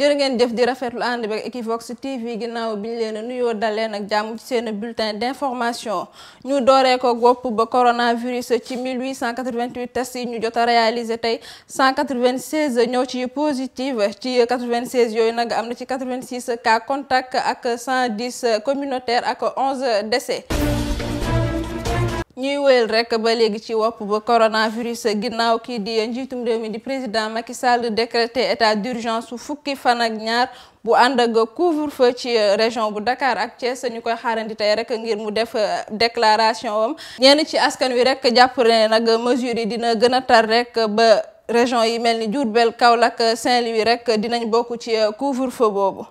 jër ngeen jëf di rafetlu ànd bi ak Equivox TV ginnaaw bi ñu leen a nuyoo daleen ak jàmm ci seen bulletin d'information ñu dooree ko gopp ba coronavirus ci 1888 tests yi ñu jot a réalisé tey ñëw ci positif ci 96 yooyu nag am na ci 86 cas contact ak 110 communautaire ak 11 décès. ñuy wéyal rek ba léegi ci wopp ba coronavirus ginnaaw kii di njiitum réew mi di président Macky Sall décrété état d'urgence su fukki fan ak ñaar bu ànd ak couvre-feu ci région bu Dakar ak Thiès sañu koy xaarandi tey rek ngir mu def déclaration am ñeen ci askan wi rek jàpp ne nag mesures yi dina gën a tar rek ba région yi mel ni Diourbel Kaolack Saint-Louis rek dinañ bokk ci couvre-feu boobu.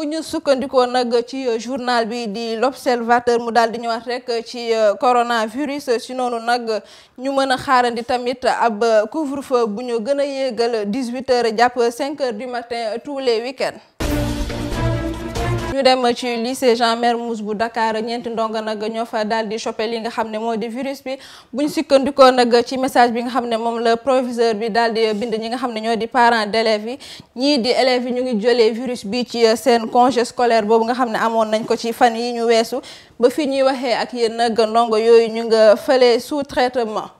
bu ñu sukkandikoo nag ci euh, journal bi di l'observateur mu daal di wax rek euh, ci euh, coronavirus si noonu nag ñu mën a xaarandi tamit ab couvre-feu bu ñu gën a yéegal 18 heures jàpp 5 heures du matin tous les week ñu dem ci lycée Jean Mermoz bu Dakar ñeenti ndongo nag ñoo fa daal di chopé li nga xam ne moo di virus bi buñ sukkandikoo nag ci message bi nga xam ne moom la proviseur bi daal di bind ñi nga xam ne ñoo di parents d'élèves yi ñii di élèves yi ñu ngi jëlee virus bi ci seen congé scolaire boobu nga xam ne amoon nañ ko ci fan yi ñu weesu ba fi ñuy waxee ak yéen nag ndongo yooyu ñu nga fële sous traitement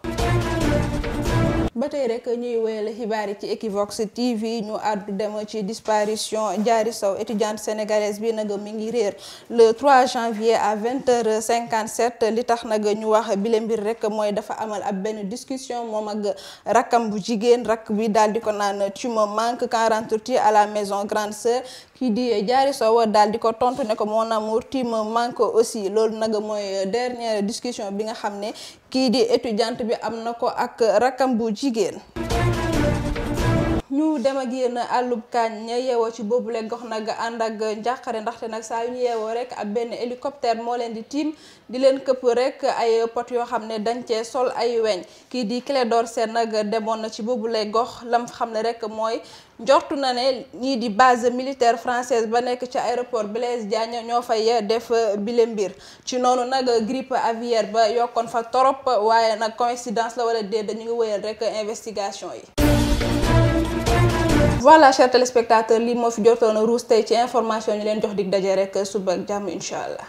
ba tey rek ñuy wéyale xibaar yi ci Equivox TV ñu àddu dem ci disparition jaari Sow étudiante sénégalaise bi nag mi ngi réer le 3 janvier à 20h57 li tax nag ñu wax bile mbir rek mooy dafa amal ab benn discussion moom ak rakkam bu jigéen rakk bi daal di ko naan tu me manques quand rentres à la maison grande sœur kii di jaari Sow daal di ko tontu ne moo mon amour tu me manques aussi loolu nag mooy dernière discussion bi nga xam ne kii di étudiante bi am na ko ak rakkam jigéen ñu dem ak yéen àllub kaañ ña yeewoo ci boobule gox nag ànd ak njàqare ndaxte nag saa yu yeewoo rek ab benn hélicoptère moo leen di tiim di leen këpp rek ay pot yoo xam ne dañ cee sol ay weñ kii di Clédor Sène nag demoon na ci boobu boobule gox lam xam ne rek mooy njortu na ne ñii di base militaire française ba nekk ci aéroport Blaise Diagne ñoo fay def bile mbir ci noonu nag grippe aviaire ba yokkoon fa torop waaye nag coïncidence la wala déet dañu ngi rek investigation yi voilà chers téléspectateurs lii moo fi jotoon ruus tey ci information ñu leen jox di daje rek suba jàmm incha allah.